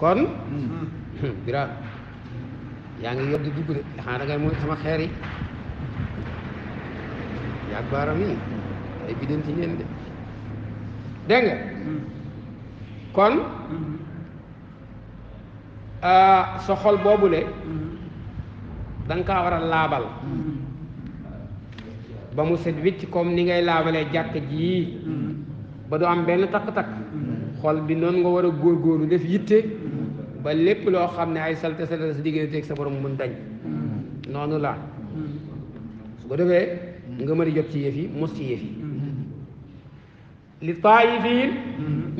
kon hmm. biraam yaa ngi yor di dugg de xanaa da ngay mooy sama xeer yi yaag baaram ay biddanti ngeen de dégg kon hmm. ah, sa xol boobule hmm. da nga kaa war laabal ba mu set wit ci comme ni ngay laabalee jàkk ji ba du am benn takk-takk xol bi noonu nga war a góor góorgóorlu def yitte ba lépp loo xam ne ay salte salte sa diggante ak sa borom mun dañ noonu la su ko defee nga mën a jot ci yëf yi mos ci yëf yi li taayifiin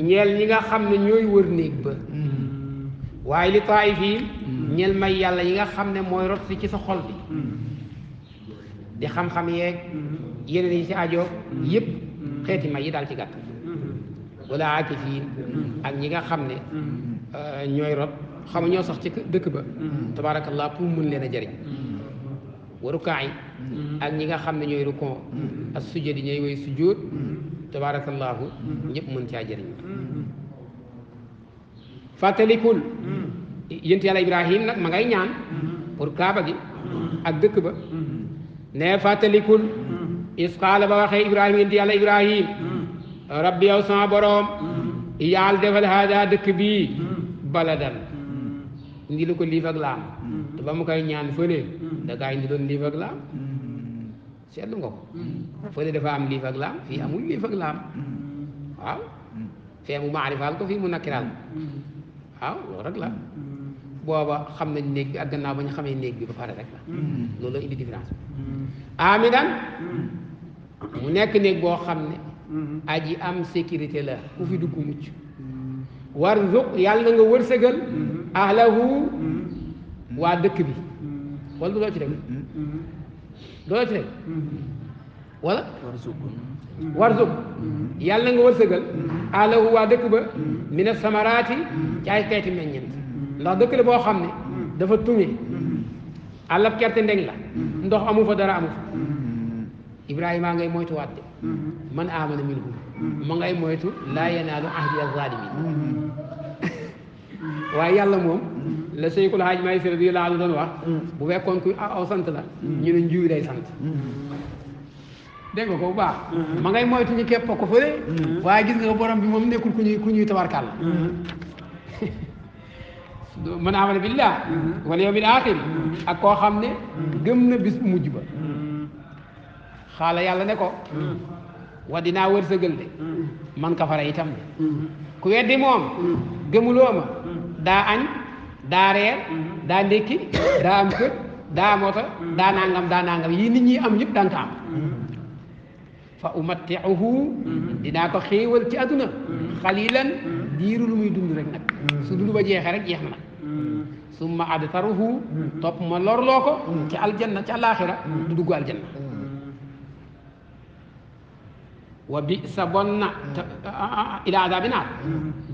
ñeel ñi nga xam ne ñooy wër néeg ba waaye li taayifiin ñeel may yàlla yi nga xam ne mooy rot ci sa xol bi di xam-xam yeeg yeneen yi ci ajo yëpp xeeti may yi daal ci gàtt wala aakifin ak ñi nga xam ne Euh, ñooy rob xamu ñoo sax ci dëkk ba mm. tabaarakallaa pour mun leen a jëriñ mm. warukaay mm. ak ñi nga xam ne ñooy rukon ak sujjóot yi ñooy woy sujjóot tabaarakallaahu ñëpp mën caa jëriñ fàttalikul yént yàlla ibrahim nag ma ngay ñaan pour kaaba gi ak dëkk ba ne fàttalikul isqaala ba waxee ibrahima yént yàlla ibrahim rabbi yow sama boroom defal haada dëkk bii baladan mm-hmm. ndi lu ko liif laam mm-hmm. te ba mu koy ñaan fële mm-hmm. da indi doon liif ak laam seetlu nga ko fële dafa am liif laam fii amul liif ak laam waaw fee mu maarifaal ko fii mu nakkiraal waaw loolu rek la booba xam nañ néeg bi ak gannaaw ba ñu xamee néeg bi ba pare rek la loolu indi différence amidan mu nekk néeg boo xam ne aji am sécurité la ku fi dugg mucc warzuq yàlla na nga wërsëgal mm-hmm. ahlahu mm-hmm. waa dëkk bi mm-hmm. wala doo ci dem doo yàlla na nga wërsëgal ahlahu waa dëkk ba mina samaraati ci ay xeeti meññent ndax dëkk la boo xam ne dafa tuñe àllab kerte ndeng la ndox amu fa dara amu fa ibrahima ngay moytuwaat de man amana minhum ma ngay moytu laa yanaalu ahdi alzalimin waaye yàlla moom la Seykul Haaj Maay Si radiyallaahu anhu doon wax mm. bu fekkoon ku aw sant la mm. ñu ne njiw day sant mm. dégg nga ko bu baax ma ngay moytu ñu ko fële waaye gis nga borom bi moom nekkul ku ñuy ku ñuy tabarkal man amana billah wal yawmil aaxir ak koo xam ne gëm na bis bu mujj ba xaala yàlla ne ko wa dinaa wërsëgal de man kafara itam de ku weddi moom gëmuloo ma daa añ daa reer mhm. daa ndékki daa am kër daa moto mhm. daa nangam daa nangam yii nit ñi am yëpp daan ko am mhm. fa umattiuhu ko xéewal ci àdduna xalilan diiru lu muy dund rek nag su dund ba jeexee rek jeex na summa adtaruhu topp ma lorloo ko ci aljanna ci alaaxira du aljanna wa bi sa bon na ila azabi naar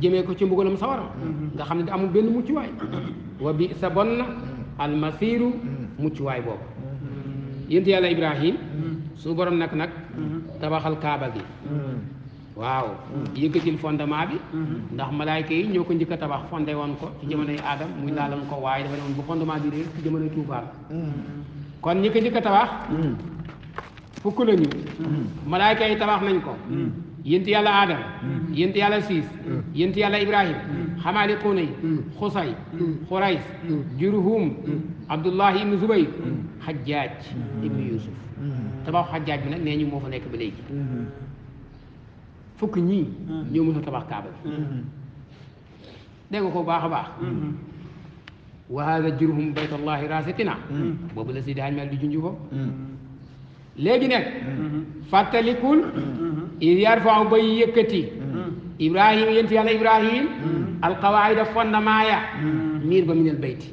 jëmee ko ci mbugalam sawara nga xam ne amul benn mucc waay wa bi sa bon na almasiru mucc waay boobu yént yàlla ibrahim su borom nag nag tabaxal kaaba gi waaw yëkkatil fondement bi ndax malaayka yi ñoo ko njëkk a tabax fondé woon ko ci jamonoy aadam muy laalam ko waaye dafa ne woon bu fondement bi réer ci jamonoy tuubaal kon ñi ko njëkk a tabax fukk lañu malaayka yi nañ ko yént yàlla aadama yént yàlla siis yént yàlla ibrahim xamaali xuuna yi xusay xurays jurhum abdullahi ibnu zubayr xajjaaj ibnu yusuf tabax xajjaaj bi nag nee ñu moo fa nekk ba léegi fukk ñii ñoo mën a tabax kaaba bi dégg ko baax a baax wa hada jurhum baytullahi rasitina boobu la si daan mel di junj ko léegi nag fàttalikul il yarfau bay yëkkati ibrahim yéen fi yàlla ibrahim alqawaida fondement ya miir ba minal bayti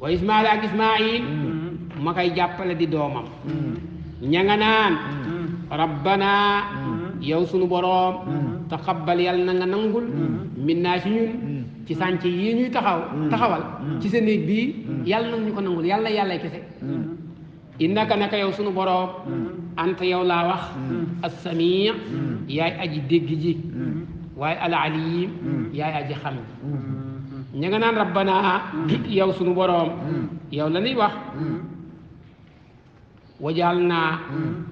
wa ismaila ak ismail ma koy jàppale di doomam ña nga naan rabbana yow sunu boroom taqabbal yàlla na nga nangul min naa si ñun ci sànc yi ñuy taxaw taxawal ci sa néeg bii yàlla nag ñu ko nangul yàlla yàlla kese innaka naka yow sunu boroom mm. ant yow laa wax mm. as-sami mm. yaay aji dégg ji waaye al-alim yaay aji xam ji ña nga naan rabbana yow sunu boroom yow la ñuy wax wajaal naa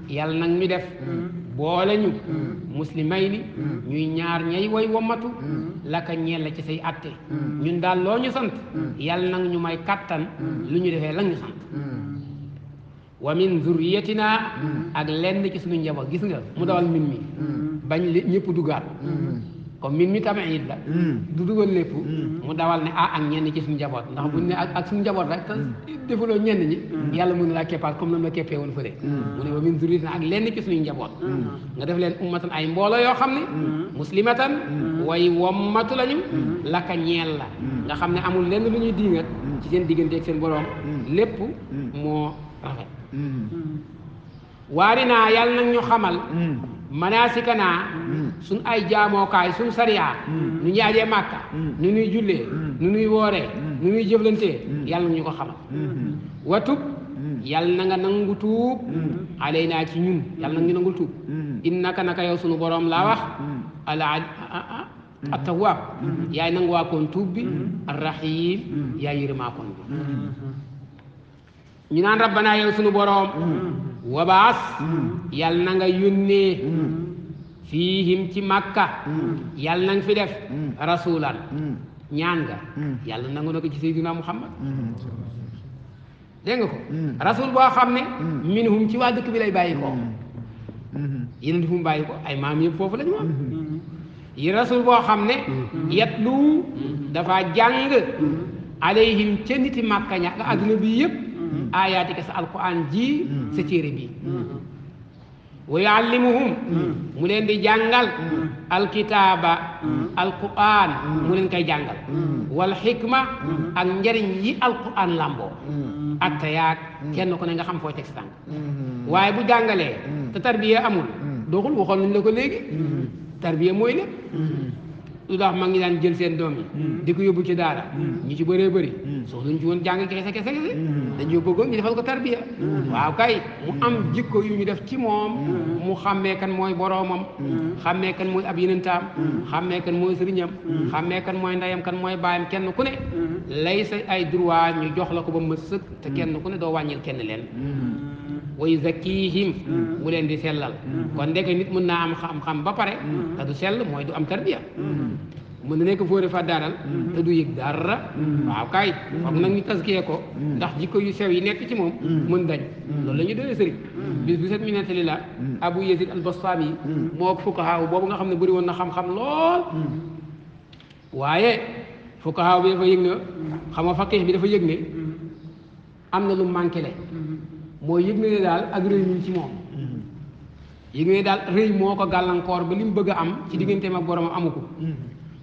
yàlla nag ñu def boole ñu muslimay ni ñuy ñaar ñay way wammatu laka ñeel la ci say atte ñun daal loo ñu sant yàlla nag ñu may kàttan lu ñu defee la sant wa min zurriyatina mm. ak lenn ci suñu njaboot gis nga mu mm. dawal miin mi mm. bañ ñëpp duggaat comme min mi tamit it la du dugal lépp dawal ne ah ak ñenn ci suñu njaboot ndax buñ ne ak suñu njaboot rek te defaloo ñenn ñi yàlla mën laa keppaat comme nam la keppee woon fële mu ne wa min zurriyatina ak lenn ci suñu njaboot nga def leen ummatan ay mbooloo yoo xam ne muslimatan way wommatu lañu laka ñeel la nga xam ne amul lenn lu ñuy diingat ci seen diggante seen borom lépp moo rafet Mm-hmm. waari naa yàlla nag ñu xamal mm-hmm. manaasika naa mm-hmm. suñ ay jaamookaay suñ sariyaa nu ñuy ajee màkka nu ñuy jullee nu ñuy wooree nu ñuy jëflantee yàlla nag ñu ko xamal wa tub yàlla na nga nangu tuub alay naa ci ñun yàlla nag ñu nangul tuub innaka naka yow sunu boroom laa wax ala ah, ah, ah. attawaab yaay nanguwaa koon tuub bi arrahiim yaay yërëmaa koon ñu naan rabbanaa yow sunu boroom mm. wabaas mm. yal na nga yónnee mm. fiihim ci màkka yal na fi def rasulan ñaan nga yàlla nangu na ko ci sayyidina muhammad dégg nga ko rasul boo xam ne minhum ci waa dëkk bi lay bàyyi ko mm-hmm. yeneen fu bàyyi ko ay maam yëpp foofu la ñu am mm-hmm. yi rasul boo xam ne mm-hmm. yatlu dafa jàng alayhim ca niti màkka ña adduna bi yëpp aayaati ka sa alquran ji mm-hmm. sa cére bi mm-hmm. wa yuallimuhum mm-hmm. mu leen di jàngal alkitaaba alquran mu leen koy jàngal walla xikma ak njariñ yi alquran làmboo ak ta kenn ko ne nga xam foo teg waaye bu jàngalee te tarbiya amul doxul waxoon nañ la ko léegi tarbiya mooy lépp lu tax mag ñi daan jël seen doom yi hmm. di ko yóbbu ci daara hmm. ñi ci bëree bëri hmm. soxluñ ci woon jàng kese kese kese dañu bëggoon ñu defal ko tarbiya waaw kay am jikko yu ñu def ci moom mu xàmmee kan mooy boroomam xàmmee kan mooy ab yenentaam xàmmee kan mooy sëriñam xàmmee kan mooy ndeyam kan mooy baayam kenn ku ne lay sa ay droit ñu jox la ko ba ma sëkk te kenn ku ne doo wàññil kenn leen wa yuzakkihim mu leen di sellal kon ndeke nit mën naa am xam-xam ba pare te du sell mooy du am tarbiya mën na nekk fóore fa daaral mm. te du yëg dara mm. waaw kaay foog mm. nag ñu taskiyee ko ndax jikko yu sew yi nekk ci moom mën dañ loolu la ñu doyee sëriñ bis bu set mi nettali la Abu Yazid al-Bastami moo fuqahaa boobu nga xam ne bëri woon na xam-xam lool waaye fuqahaa bi dafa yëg ne xam nga faqih bi dafa yëg ne am na lu manqué le mooy yëg ne daal ak rëy mi ci moom yëg ne daal rëy moo ko gàllankoor ba li mu bëgg am ci digganteem ak boroomam amu ko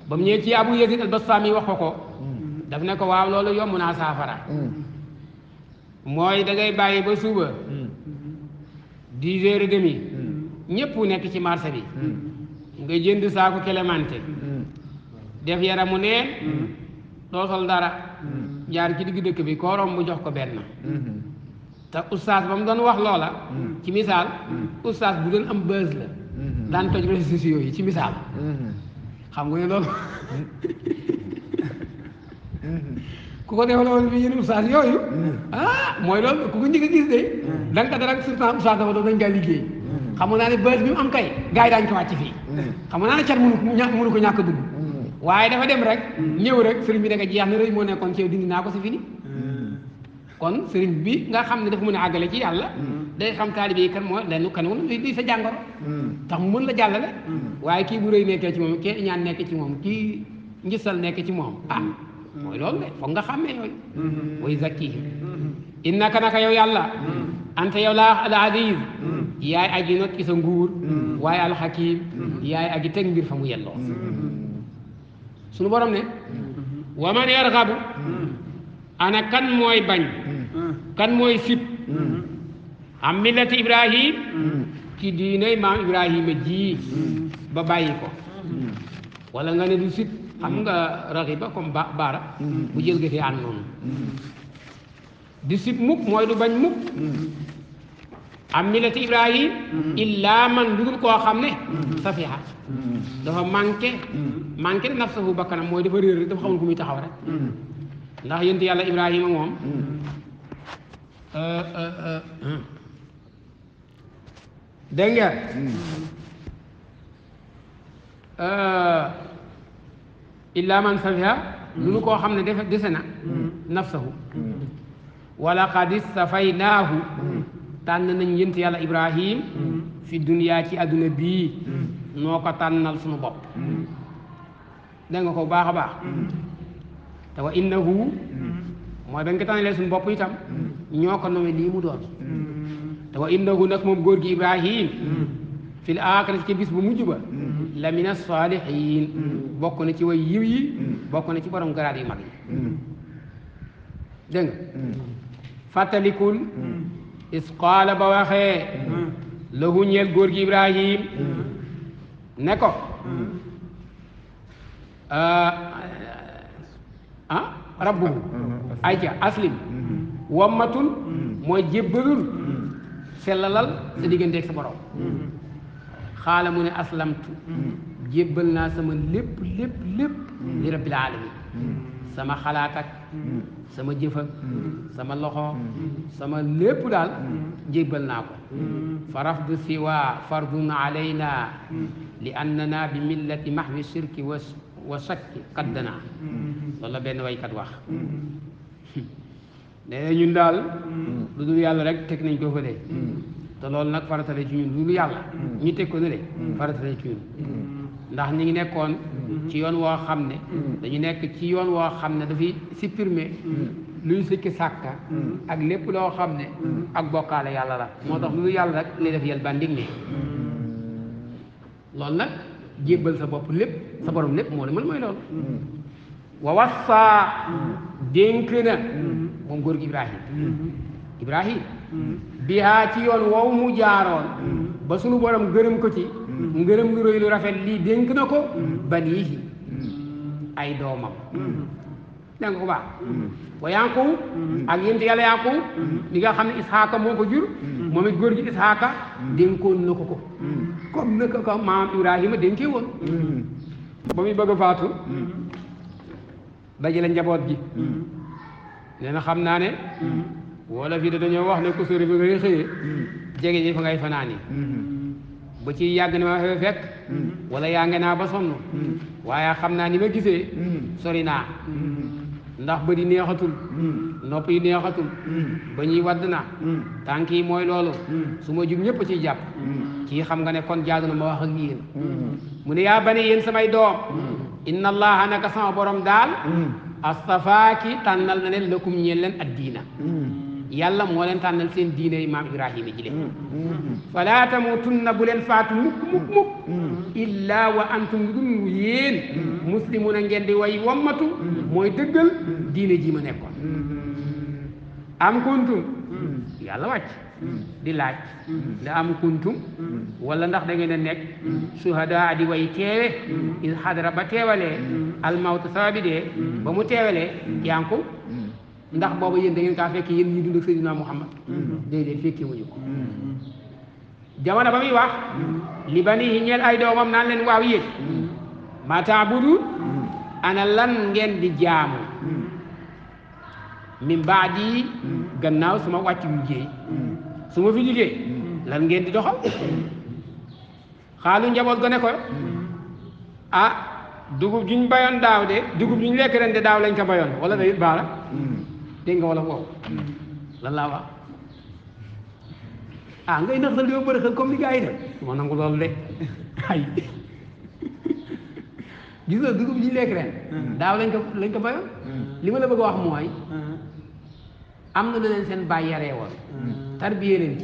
ba mu ñëwee ci Abu Yazid al-Bastami wax ko ko daf ne ko waaw loolu yomb naa saafara mooy da ngay bàyyi ba suba dix heures et demi ñëpp nekk ci marché bi nga jënd saako clémenté def yaramu neen doo sol dara jaar ci digg dëkk bi koorom bu jox ko benn te oustaz ba mu doon wax loola ci misaal oustaz bu doon am bës la daan toj réseaux sociaux yi ci misaal xam nga ne loolu ku ko defal woon fi yéen ustaas yooyu ah mooy loolu ku ko njëkk a gis de da nga ko dara surtout ustaas dafa doon dañ gaa liggéey xam naa ne bés bi mu am kay gars yi daañu ko wàcc fii xam naa ne cat mënu ña mënu ko ñàkk a dugg waaye dafa dem rek ñëw rek sëriñ bi da nga jeex na rëy moo nekkoon ci yow dindi naa ko si fini kon sëriñ bi nga xam ne dafa mën a àggale ci yàlla day xam taalibe yi kan moo lenn kan woon lii sa jàngo tax mu mën la jàllale waaye kii bu rëy nekkee ci moom kii ñaan nekk ci moom kii nekk ci moom mm-hmm. ah mooy loolu de foog nga xàmmee yooyu mm-hmm. way zakkihim mm-hmm. innaka naka yow yàlla anta yow laa al aziz yaay aji not sa nguur waaye alxakim yaay aji teg mbir fa mu yelloo suñu borom ne wa man yarxabu ana kan mooy bañ kan mooy sib am millati ibrahim ci diinay maam ibrahima ji ba bàyyi ko walla nga ne du sit xam nga raxiba comme ba baara bu jël gëtee ànd noonu du sit mukk mooy du bañ mukk am millati ibrahim illa man lu koo xam ne safiha dafa manqué manqué nafsahu bakkanam mooy dafa réer rek dafa xamul fu muy taxaw rek ndax yénti yàlla ibrahima moom euh, euh, euh, hmm. dégg nga illa man safiha lu nu koo xam ne def dese na nafsahu wala qad istafaynaahu tànn nañ yent yàlla ibrahim fi duniyaa ci àdduna bii noo ko tànnal suñu bopp dégg nga ko baax a baax te wa innahu mooy ba nga ko tànnalee suñu bopp itam ñoo ko nowe lii mu doon te wa innahu nag moom góor gi ibrahim fil aaxirati ci bis bu mujj ba la mina saalihiin mm. bokk na ci way yiw mm. bokk na ci borom garaat yu mag yi mm. dégg nga fàttalikul isqaala ba waxee lahu ñeel góor gi ibrahim ne ko euh, ah rabbuhu ayca aslim wammatul mooy jébbalul sellalal sa digganteeg sa borom xaala mu ne aslamtu naa sama lépp lépp lépp li rabbil alamin sama xalaat ak sama jëf sama loxo sama lépp daal jébbal naa ko fa rafdu siwa fardun alayna li annana bi millati mahwi shirki benn waykat wax nee na ñun daal lu dul yàlla rek teg nañ ko fële te loolu nag faratale ci ñun lu yàlla ñu teg ko ne de mm. faratale ci ñun mm. ndax ñi ngi nekkoon mm. ci yoon woo xam ne dañu nekk ci yoon woo xam ne dafay supprimer lu ñu sikki sàkka ak lépp loo xam ne ak bokkaale yàlla la moo tax lu yàlla rek li def yel bandig ne loolu nag jébbal sa bopp lépp sa borom lépp moo la mën mooy loolu wa wassaa dénk moom góor gi Ibrahim Ibrahim bihaa ci yoon wow mu jaaroon ba sunu borom gërëm ko ci ngërëm lu rëy lu rafet lii dénk na ko baniihi ay doomam dégg nga ko baax wa Yaaqub ak yénti yàlla Yaaqub li nga xam ne Isxaaka moo ko jur moom it góor gi Isxaaka dénkoon na ko ko comme na ko ko maam Ibrahima dénkee ba muy bëgg a faatu dajale njaboot gi nee na xam naa ne wala fii da dañoo wax ne ku sori bi ngay xëyee mm-hmm. jege ji fa ngay fanaan mm-hmm. ba ci yàgg ne ma fee fekk mm-hmm. wala yaa naa ba sonn waaye xam naa ni ma gisee sori naa ndax bëri neexatul nopp yi neexatul ba ñuy wadd na tànk yi mooy loolu su ma jug ñëpp ciy jàpp kii xam nga ne kon jaadu na ma wax ak yéen mu ne yaa bane yéen samay doom inna allaha naka sama borom daal astafaaki tànnal na leen lakum ñeen leen addiina yàlla moo leen tànnal seen diine maam ibrahima ji leen mm, mm, mm. falaa tamutunna bu leen faatu mukk mukk mukk illaa wa antum dun yéen muslimuna ngeen di way wommatu mooy dëggal diine ji ma nekkoon am kuntum yàlla wàcc di laaj nda am kuntum wala ndax da ngeen a nekk suhadaa di way teewe il xadara ba teewale almawtu sababi dee ba mu teewalee yaa ndax booba yéen da ngeen kaa fekk yéen ñu dund ak Seydina Muhammad déedéet fekkee wuñu ko jamono ba muy wax li ba ñeel ay doomam naan leen waaw yéen maa taabudu ana lan ngeen di jaamu min baadi gannaaw suma ma wàcc liggéey suma ma fi lan ngeen di doxal xaalu njaboot ga ne ko ah dugub juñ bayoon daaw de dugub juñ lekk ren de daaw lañ ko bayoon wala day baara dégg nga wala boobu lan laa wax ah ngay nax sa li ma bëri xel comme li gars yi moo nangu loolu de ay gis dugub ji lekk ren daaw lañ ko lañ ko bayoon li ma la bëgg a wax mooy am na leen seen yare yaree woon tarbiyee leen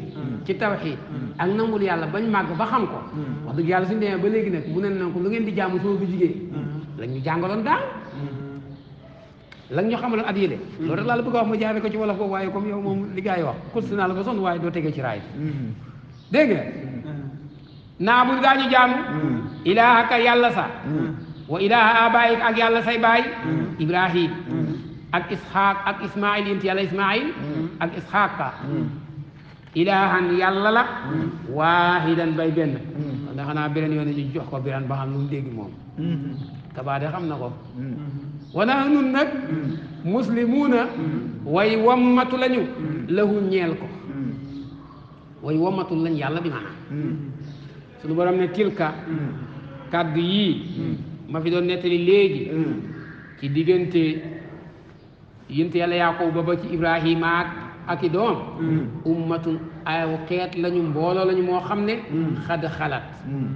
ci tawxiid ak nangul yàlla bañ màgg ba xam ko wax dëgg yàlla suñu demee ba léegi nag mu ne na ko lu ngeen di jaamu soo bu jigéen la ñu jàngaloon daaw la nga ñu xamaloon at yële mm-hmm. loolu rek laa la bëgg a wax ma jaare ko ci wolof ko waaye comme yow moom li gars yi wax kursi naa la ko sonn waaye doo tegee ci raay mm-hmm. mm-hmm. naa bul gaa ñu jaamu ilaahaka yàlla sa wa ilaaha abaayik ak yàlla say baay ibrahim ak isxaaq ak ismail yénti yàlla ismail ilaahan yàlla la waahidan bay benn ndax xanaa beneen yoon ñu jox ko biran ba xam lu dégg moom tabaa xam na ko wanaa nun nag muslimuuna way wammatu lañu lahu ñeel ko way wammatul lañ yàlla bi maanaam suñu borom ne tilka kàddu yii ma fi doon nettali léegi ci diggante yént yàlla yaaqoob ba ba ci ibrahima ak ak i doom ummatun lañu mbooloo lañu moo xam ne xad xalat mm.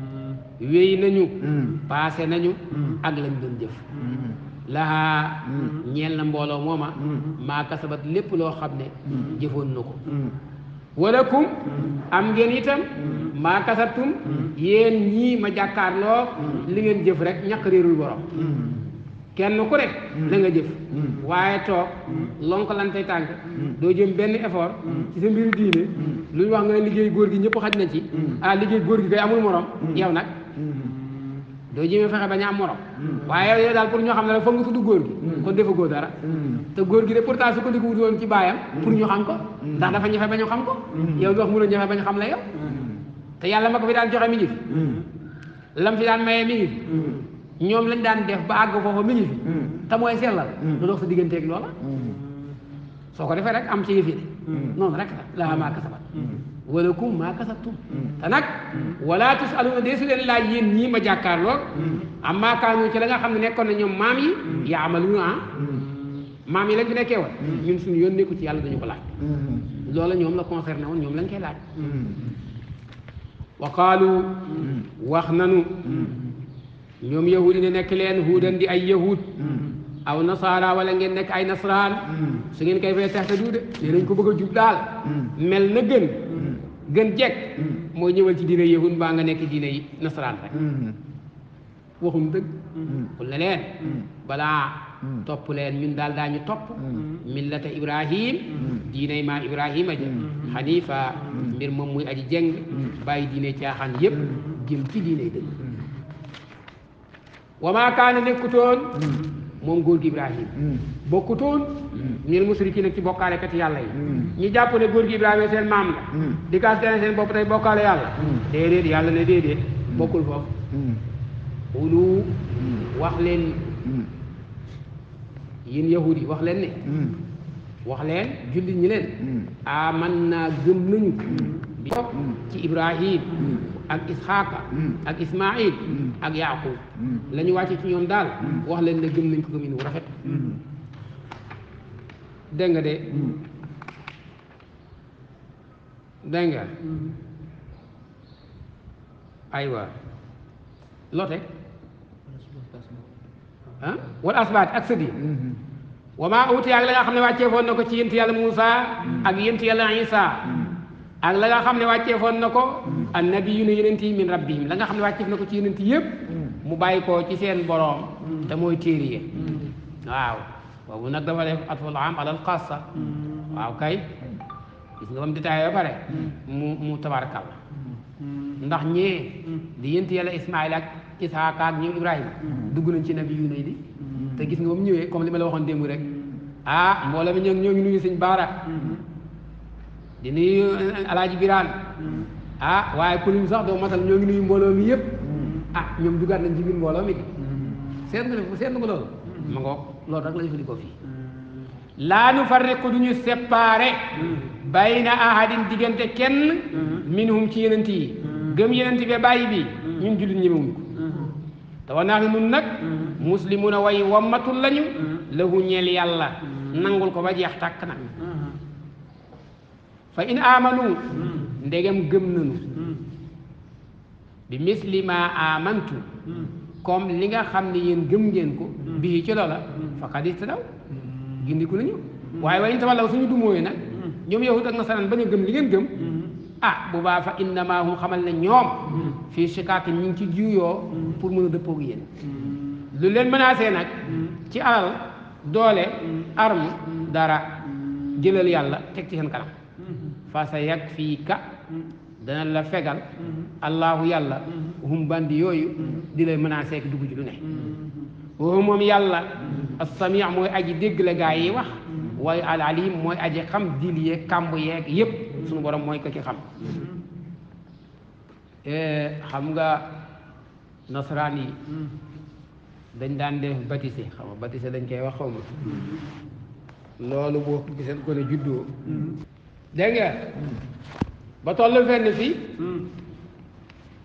wéy nañu mm. paase nañu mm. ak lañ doon jëf lahaa mm-hmm. ñeel na mbooloo mooma mm-hmm. maa kasabat lépp loo xam ne mm-hmm. jëfoon na ko walakum am ngeen itam maa kasabtum yéen ñii ma jàkkaarloo li ngeen jëf rek ñàkk réerul borom kenn ko rek la jëf waaye toog lonkalante tànk doo jëm benn effort ci sa mbiru diine lu ñu wax nga liggéey góor gi ñëpp xaj na ci a ah liggéey góor gi kay amul morom yow nag doo jéemee fexe ba am moroom hmm. waaye yow daal pour ñoo xam ne la foog nga tudd góor gi hmm. kon dafa góor dara hmm. te góor gi de pourtant su ko di ko wut woon ci baayam pour ñu xam ko ndax dafa ba ñu xam ko yow bi wax mu doon ñafe ba ñu xam la yow te yàlla ma ko fi daal joxe mi ngi fi lam fi daan mayee mi ngi ñoom lañ daan def ba àgg foofu mi ngi fi te mooy sellal du dox sa digganteeg loola soo ko defee rek am ci yëf yi noonu rek la laa maa kasabat walakum maa kasabtum te nag wala tusaluna dee su leen laaj yéen ñii ma jàkkaar lool amma kaanu ci la nga xam ne nekkoon na ñoom maam yi yaamaluna ah maam yi lañ fi nekkee woon ñun suñu yoon nekku ci yàlla dañu ko laaj loola ñoom la concerné woon ñoom lañ koy laaj wa qaalu wax nanu ñoom yahud yi ne nekk leen huudan di ay yahud aw nasaara wala ngeen nekk ay nasraan su ngeen koy fay tax te de nee nañ ko bëgg a jub daal mel na gën gën jekk mm. mooy ñëwal ci diine yahud mbaa nga nekk diine yi nasaraan rek mm. waxuñ dëgg mm. xul leen balaa topp leen ñun daal daañu topp millata ibrahim diiney maa ibrahima ja xanifa mbir moom muy aj jeng bàyyi diine caaxaan yépp jëm ci diiney dëgg wa maa kaana nekkutoon moom góor gi ibrahim bokkutoon ñil musriki nag ci bokkaalekat yàlla yi hmm. ñi jàpp ne góor gi Ibrahima seen maam la hmm. di kaas dana seen bopp tey bokkaale yàlla hmm. déedéet yàlla ne déedéet bokkul foofu ulu wax leen yéen yahudi wax leen ne wax leen jullit ñi leen aman naa gëm nañu bi ci ibrahim ak isxaqa ak ismail ak yaqub la ñu ci ñoom daal wax leen ne gëm nañ ko gëmin wu rafet dégg nga de mm. dégg nga mm. aywa lote ah mm-hmm. wal asbaat ak sët yi mm-hmm. wa maa ak la nga xam ne wàcceefoon na ko ci yent yàlla Moussa mm. ak yent yàlla Isa ak la nga xam ne wàcceefoon na ko annabiyuuna yonent yi min rabbihim la nga xam ne wàcceef na ko ci yonent yépp mu bàyyi ko ci seen boroom te mooy téere yi waaw boobu nag dafa def waaw kay gis nga ba mu ba pare mu mu tabarakal ndax ñee di yént yàlla ismaïl ak isaaka ak ñoom ibrahima dugg nañ ci nabi yu di te gis nga ba ñëwee comme li ma la waxoon démb rek ah mbooloo mi ñoo ñoo ngi nuyu sëñ baara di nuyu eh, alaaji biraan ah, sax doo matal ñoo ngi nuyu mbooloo mi yëpp ah ñoom duggaat nañ ci biir mbooloo mi di seet nga loolu ma loolu rek la jëfandikoo fii laa nu farriqu du ñu séparé bayna ahadin diggante kenn minhum ci yenent yi gëm yenent bi bàyyi bi ñun jullit ñemewuñ ko te wax naa ne mun nag muslimuna way wammatul lañu lahu ñeel yàlla nangul ko ba jeex tàkk nag fa in amanu ndegem gëm nañu bi misli ma amantu comme li nga xam ne yéen gëm ngeen ko bii ci loola faqad ihtadaw gindiku nañu waaye waaye ñu tawallaw suñu dumóoyu nag ñoom yahud ak nasaraan bañ a gëm li ngeen gëm ah bu baa fa ma hum xamal ne ñoom fii shikaakin ñu ngi ci juyoo pour mën a dëppoog yéen lu leen menacé nag ci alal doole arme dara jëlal yàlla teg ci seen kanam fa sa yag fii ka dana la fegal allahu yàlla hum bandi yooyu di lay menacé ak dugg ci lu ne woo moom yàlla as-sami' mooy aji dégg la gaa yi wax waaye al-alim mooy aji xam dil yeeg kàmb yeeg yépp suñu borom mooy ko ci xam eh, xam nga nasaraan yi dañ daan def batise xam nga batise dañ koy wax xaw ma loolu boo ko gisee ko ne juddoo dégg ba tollu fenn fii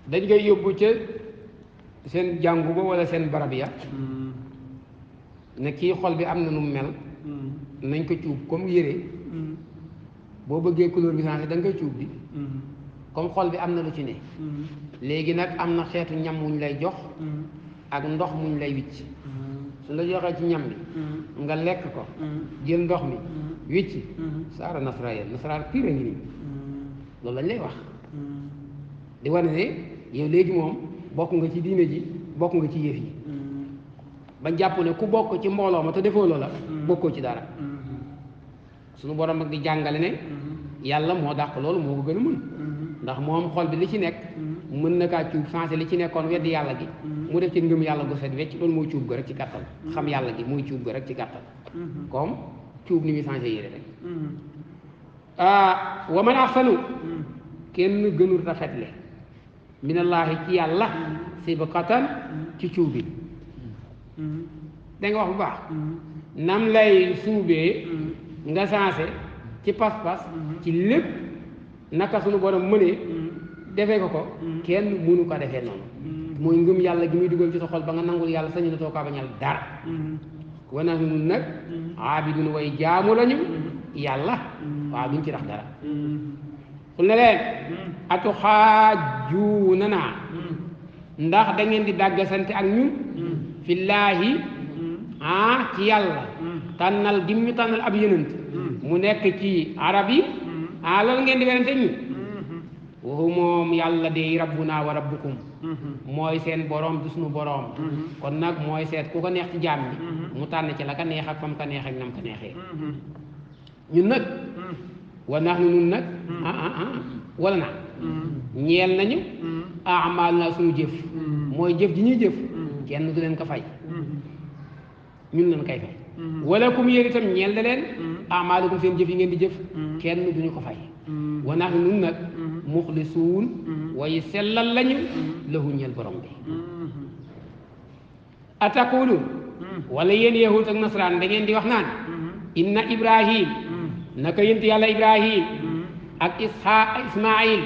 dañ koy yóbbu ca seen jàngu ba walla seen barab ya ne kii xol bi am na nu mu mel mm-hmm. nañ ko cuub comme yére mm-hmm. boo bëggee couleur bi changé da nga koy cuub bi mm-hmm. comme xol bi am na lu ci ne léegi nag am na xeetu ñam wuñ lay jox ak ndox muñ lay wicc su la joxee ci ñam bi nga lekk ko jël ndox mi wicc saara nasraayel nasraar pire ngi nii loolu lañ lay wax di wane ne yow léegi moom bokk nga ci diine ji bokk nga ci yëf yi ba jàpp ne ku bokk ci mbooloo ma te defoo loola mm-hmm. bokkoo ci dara mm-hmm. suñu borom ak di jàngale ne mm-hmm. yàlla moo dàq loolu moo ko gën mën ndax moom xol bi li ci nekk mën na kaa cuub sensé li ci nekkoon weddi yàlla gi mu def ci ngëm yàlla gu set wecc loolu mooy cuub ga rek ci gàttal xam yàlla gi mooy cuub ga rek ci gàttal kom cuub ni muy sensé yére rek ah wa man ahsanu kenn gënul rafetle minallaahi ci yàlla sibqatan ci cuubin Mm-hmm. da wax bu baax mm-hmm. nam lay suubee mm-hmm. nga sensé ci pas-pas ci lépp naka suñu borom mënee defee ko ko kenn mënu ko defee noonu mooy ngëm yàlla gi muy dugal ci sa xol ba nga nangul yàlla sañu na too kaa bañal dara wana nun nag aabidun way jaamu lañu yàlla waaw duñ ci rax dara xul ne leen atu xaaju na naa ndax da ngeen di dàggasante ak ñun fillaahi ah ci yàlla tànnal gim ñu tànnal ab yonent mu nekk ci arab yi ah loolu ngeen di werante ñu waxu moom yàlla de rabbuna wa rabbukum mooy seen boroom du suñu boroom kon nag mooy seet ku ko neex ci jaam bi mu tànn ci la ka neex ak fam ka neex ak nam ka neexee ñun nag wa nax nun nag ah ah ah ñeel nañu amal naa suñu jëf mooy jëf ji ñuy jëf genn du leen ko fay mm-hmm. ñun leen koy fay mm-hmm. wala kum yéen itam ñeel na leen mm-hmm. amaalukum seen jëf yi ngeen di jëf kenn duñu ko fay wanaax nun nag muxlisuun waaye sellal lañu lahu ñeel borom bi atakulu wala yéen yahut ak nasaraan da ngeen di wax naan inna ibrahim naka yent yàlla ibrahim ak isha ismail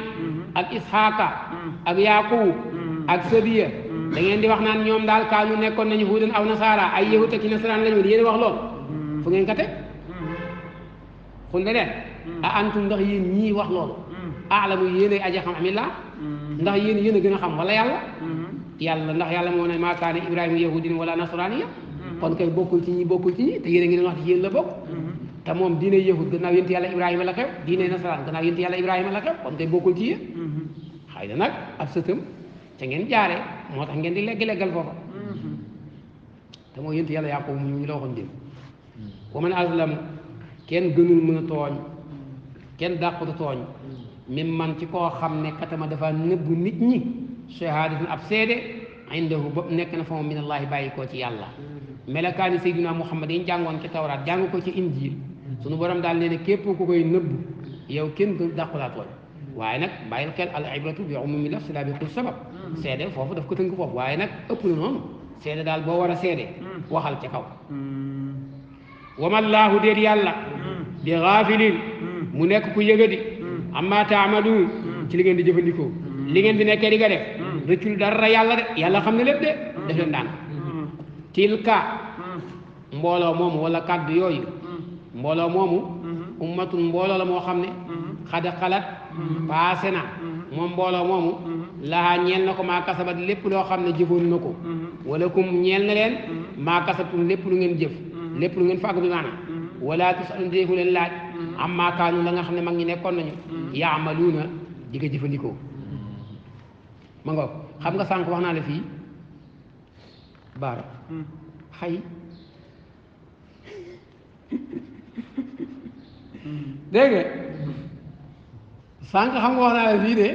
ak ishaqa ak yaqub ak sadiya da ngeen di wax naan ñoom daal kaanu nekkoon nañu huudan aw nasaara ay yahut ak nasaraan lañu yéen wax lool mm-hmm. fu ngeen ko teg mm-hmm. xul mm-hmm. a antum ndax yéen ñii wax loolu aalamu yéen ay aja xam amillah ndax yéen yéen a gën a xam wala yàlla yàlla ndax yàlla moo ne maa kaane ibrahima yahudin wala nasraaniya kon kay ci ñi bokkul ci ñi te yéen wax ci yéen la bokk te moom diine yahud gannaaw yént yàlla ibrahima la xew diine nasaraan gannaaw yént yàlla ibrahima la xew kon kay bokkul ci yéen xëy na nag ab sëtam ca ngeen jaare moo tax ngeen di legg-leggal foofa mm-hmm. te moo yënt yàlla yàqu mu ñu la waxoon dém wa man azlam kenn gënul mën a tooñ kenn dàqutu tooñ mm-hmm. mim man ci koo xam ne katama dafa nëbbu nit ñi shahaadatin ab seede indahu bopp nekk na fa moom min allaahi bàyyi koo ci yàlla mm-hmm. melakaani sayyidina muhammad yi jàngoon ci tawraat jàng ko ci injil sunu borom daal nee ne képp ku koy nëbbu yow kenn gën dàqulaa tooñ waaye nag bàyyil xel al ibratu bi umumi lafsi laa bi xul seede foofu daf ko tënk foofu waaye nag ëpp na noonu seede daal boo war a seede waxal ca kaw hmm. wamallaahu déet yàlla hmm. bi gaafilin hmm. mu nekk ku yëgadi amma taamaluun ci li ngeen di jëfandikoo li ngeen di nekkee di ko def rëccul dara yàlla de yàlla xam ne lépp de def leen daan tilka mbooloo moomu wala kàddu yooyu mbooloo moomu ummatun mbooloo la moo xam ne xada xalat paase na moom mbooloo moomu lahaa ñeel na ko maa kasabat lépp loo xam ne jëfoon na ko mm-hmm. wala kum ñeel na leen mm-hmm. maa kasabtum lépp lu ngeen jëf mm-hmm. lépp lu ngeen fàgg du naana wala tusalu déefu leen laaj am maa kaanu la nga xam ne mag ñi nekkoon nañu yaamaluuna di ko jëfandikoo ma ngoog xam nga sànq wax naa la fii baara xay mm. mm. dégg nga xam nga wax naa la fii de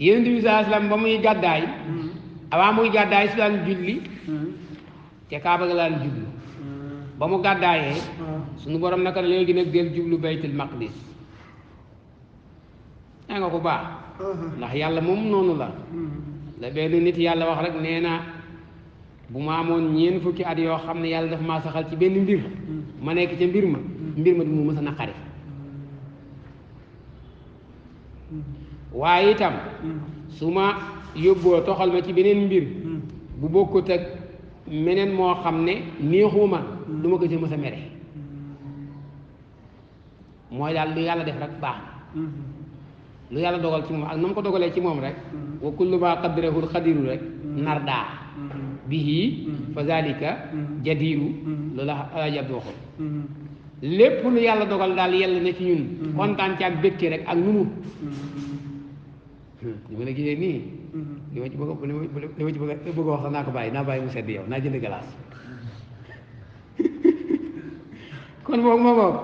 yonent bi saa salaam ba muy gàddaay mm-hmm. avant muy gàddaay si daan julli te mm-hmm. kaaba ga daan jublu mm-hmm. ba mu gàddaayee suñu borom naka léegi nag del jublu baytul maqdis yaa nga ko baax ndax yàlla moom noonu la la benn nit yàlla wax rek nee na bu ma amoon ñeent fukki at yoo xam ne yàlla daf maa saxal ci benn mbir ma nekk ca mbir ma mbir ma du mu mës a waaye itam mm. su ma yóbboo toxal ma ci beneen mbir mm. bu bokkut ak meneen moo xam ne neexuma mm. du ma ko ci mës mooy daal lu yàlla def rek yàlla dogal ci moom ak na ko dogalee ci moom rek wa kullu ma qadrahul xadiru rek nar daa bihi fa zalika jadiru loolu alaaj abdi waxoon lépp lu yàlla dogal daal yàlla na ci ñun kontaan ci ak bëkke rek ak nunu li ma la gisee nii. Mm-hmm. li ma ci bëgg a li ma ci bëgg a wax sax naa ko bàyyi naa bàyyi mu sedd yow naa jënd glace kon moom moo moom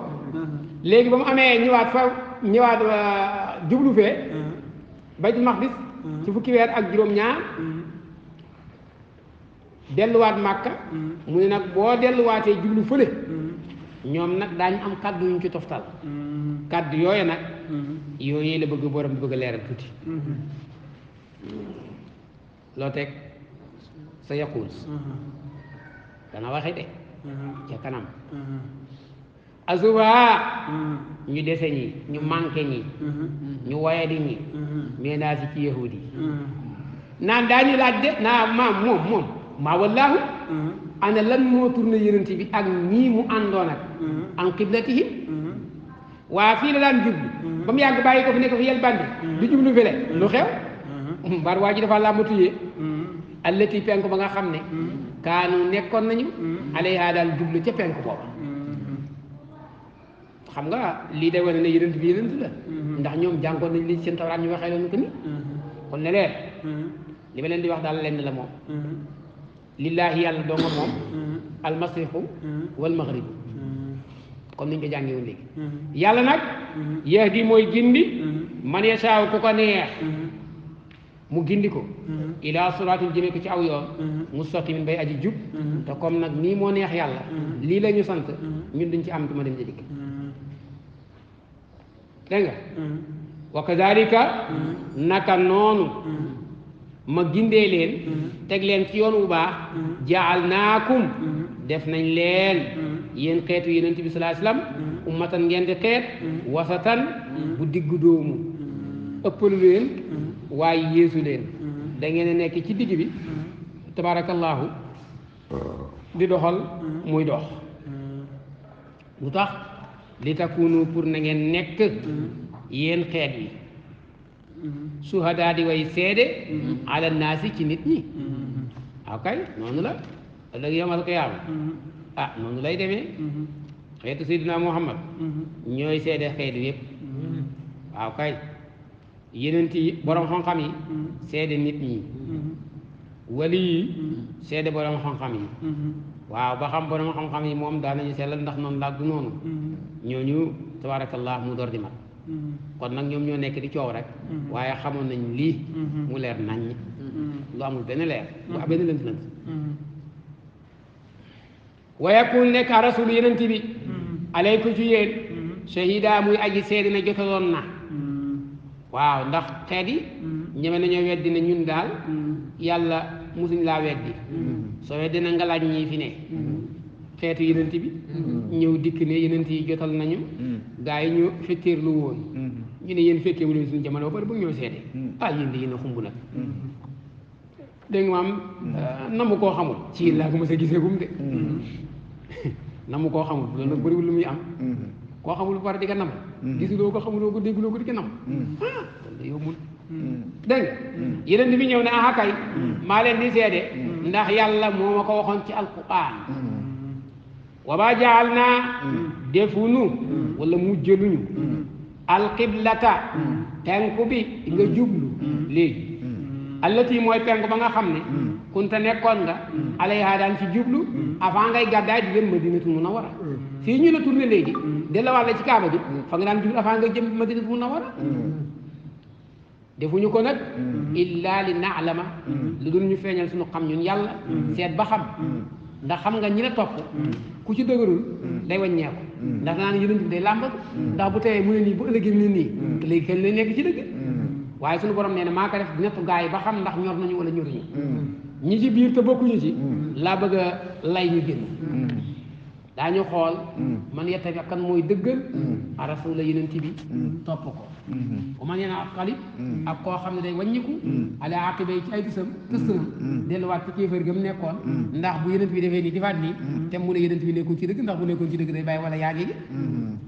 léegi ba mu amee ñëwaat fa ñëwaat euh, jublu fee. Mm-hmm. baytul maqdis mm-hmm. ci fukki weer ak juróom-ñaar. delluwaat màkka. mu ne nag boo delluwaatee jublu fële. ñoom nag daañu am kàddu yu ñu ci toftal. kàddu yooya nag. yooyu la bëgg borom bëgg a leeral tuuti loo teg sa yaquul dana waxe de ca kanam ñu dese ñi ñu manqué ñi ñu wayadi ñi mais naa si ci yahud yi naan daañu laaj de naa maam moom moom maa wallaahu ana lan moo tourné yonent bi ak ñii mu àndoon ak an qiblatihi waa fii la daan jublu ba mu yàgg bàyyi ko fi nekk ko fi yel bandi mm-hmm. di jublu fele mm-hmm. lu xew mm-hmm. mbaar waa ji dafa làmbatuyee allati penku ba nga xam ne kaanu nekkoon nañu alayha daal jublu ca penk booba xam nga lii de wane ne yonent bi yonent la ndax ñoom jàngoon nañ li seen tawraat ñu waxee loolu ko ni kon ne leer li ma leen di wax daal lenn la moom lillaahi yàlla doo nga moom wal maghribu comme niñ ko jàngee woon léegi mm-hmm. yàlla nag mm-hmm. yahdi mooy gindi mm-hmm. man yasaaw ku ko neex mu gindi ko ilaa siraatin jëmee ko ci aw yoon mustaqiim bay aji jub te comme nag nii moo neex yàlla lii la ñu sant ñun duñ ci am ma dem ci dikk dégg nga naka noonu ma gindee leen teg leen ci yoon wu baax jaal naakum def nañ leen yéen xeetu yonent bi sallallahu alayhi wasallam mm-hmm. ummatan ngeen di xeet mm-hmm. wasatan mm-hmm. bu diggu doomu ëppalu leen waaye yéesu leen da ngeen a nekk ci digg bi tabaarakallaahu oh. di doxal muy dox lu tax li takunu pour na ngeen nekk yéen xeet yi suhadaa di way seede ala naasi ci nit ñi akay noonu la ëllëg yomal qiyaama ah noonu lay mm-hmm. demee mm-hmm. xeetu Seydina Muhammad mm-hmm. ñooy seede xeetu yëpp waaw kay yeneen yi xam-xam yi seede nit ñi wali yi seede borom xam-xam yi waaw ba xam borom xam-xam yi moom daanañu sellal ndax noonu laag du noonu ñooñu tabarakallah mu door di mat kon nag ñoom ñoo nekk di coow rek waaye xamoon nañ lii mu leer naññ lu amul benn leer bu benn lënt lënt wa yakun nekk rasulu yenent bi aleyku ci yéen shahida muy aji seede na jotaloon na waaw ndax xeet yi ñeme nañoo weddi ne ñun daal yàlla musuñ laa weddi soo weddi na nga laaj fi ne xeetu yenent bi ñëw dikk ne yenent yi jotal nañu gaa yi ñu fetteerlu woon ñu ne yéen fekkee wu leen suñu jamono ba pare bu ñëw seede ah yéen di yéen a xumb nag dégg maam euh, namu koo xamul ci laa ko mos a gisee gum de namu koo xamul loolu nag bëriwul lu muy am mm-hmm. koo xamul pare di ko nam mm-hmm. gisuloo ko xamuloo ko dégguloo ko di ko nam mm-hmm. ah loolu yow mun dégg ñëw ne ah kay maa leen di seede ndax yàlla moo ma ko waxoon ci alquran wa ba jaal naa defunu wala mu jëluñu alqiblata penku bi nga jublu léegi allati mooy penku ba nga xam ne kunta nekkoon nga alayha daan ci jublu avant ngay gàddaay di dem madinatul munawara fii ñu la tourné léegi mm. delluwaat la ci kaaba bi mm. fa nga daan jublu avant nga jëm madinatul munawara mm. defuñu ko nag illa li naalama lu dul ñu feeñal suñu xam ñun yàlla seet ba xam ndax xam nga ñi la topp ku ci dëgërul day wàññeeku ndax naan yonent bi day làmbal ndax bu teyee mu ne nii bu ëllëgee mu ne nii te léegi kenn lay nekk ci dëgg waaye suñu borom nee na maa ko def nettu gaa yi ba xam ndax ñor nañu wala ño ñi lay ñu génn mm. ñu xool mm. man yettabi kan mooy dëgga mm. a rasula yeneen bi topp ko bu mm-hmm. man yeen ak xalib ak koo xam ne day wàññiku ala aqiba yi ci ay tësam tësam delluwaat ci kéefër gam nekkoon ndax bu yeneen bi defee nii difaat nii te mu ne yeneen bi nekkoon ci dëgg ndax bu nekkoon ci dëgg day bàyyi wala yaa ngi